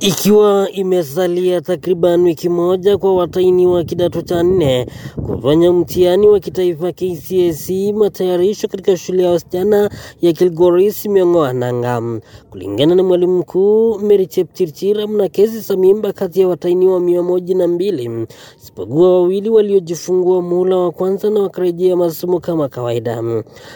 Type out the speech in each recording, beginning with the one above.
Ikiwa imesalia takriban wiki moja kwa wataini wa kidato cha nne kufanya mtihani wa kitaifa KCSE, matayarisho katika shule ya wasichana ya Kilgoris imeong'oa nanga. Kulingana na mwalimu mkuu Mary Chepchirchir, mna kesi za mimba kati ya watahiniwa mia moja na mbili isipokuwa wawili waliojifungua muhula wa kwanza na wakarejea masomo kama kawaida.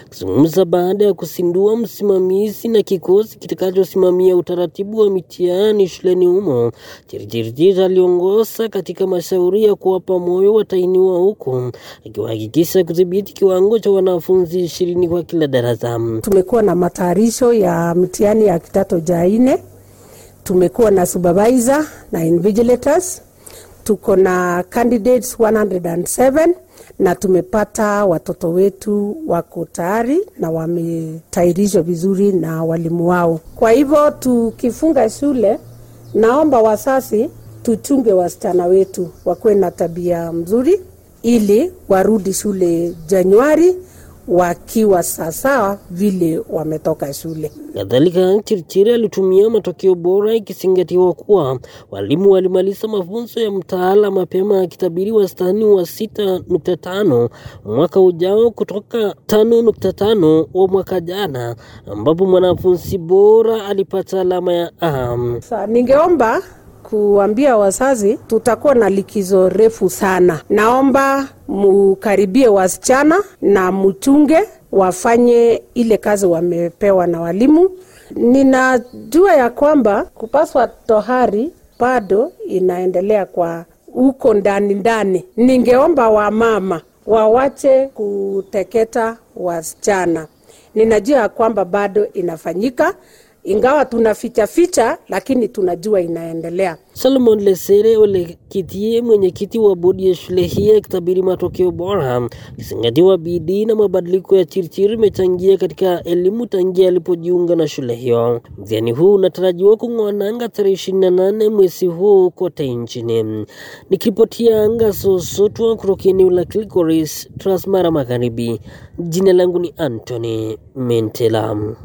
Akizungumza baada ya kusindua msimamizi na kikosi kitakachosimamia utaratibu wa mitihani shule madarakani humo. Chirchirchir aliongoza katika mashauri ya kuwapa moyo watainiwa huku akiwahakikisha kudhibiti kiwango cha wanafunzi ishirini kwa kila darasa. Tumekuwa na matayarisho ya mtihani ya kidato cha nne, tumekuwa na supervisor na invigilators, tuko na candidates 107 na tumepata watoto wetu wako tayari na wametayarishwa vizuri na walimu wao. Kwa hivyo tukifunga shule Naomba wasasi tuchunge wasichana wetu wakuwe na tabia mzuri, ili warudi shule Januari wakiwa sawasawa vile wametoka shule. Kadhalika, chirichiri alitumia matokeo bora ikizingatiwa kuwa walimu walimaliza mafunzo ya mtaala mapema, akitabiri wastani wa 6.5 mwaka ujao kutoka 5.5 wa mwaka jana, ambapo mwanafunzi bora alipata alama ya A. Ningeomba kuambia wazazi tutakuwa na likizo refu sana. Naomba mukaribie wasichana na muchunge wafanye ile kazi wamepewa na walimu. Ninajua ya kwamba kupaswa tohari bado inaendelea kwa huko ndani ndani. Ningeomba wamama wawache kuteketa wasichana. Ninajua ya kwamba bado inafanyika ingawa tunaficha ficha, lakini tunajua inaendelea. Solomon Lesere Olekitie, mwenyekiti wa bodi ya shule hii, akitabiri matokeo bora kizingatiwa bidii na mabadiliko ya Chirchir imechangia katika elimu tangia alipojiunga na shule hiyo. Mtihani huu unatarajiwa kungoananga tarehe ishirini na nane mwezi huu kote nchini. Nikiripotia anga sosotwa kutoka eneo la Kilgoris, Transmara Magharibi, jina langu ni antony Mentela.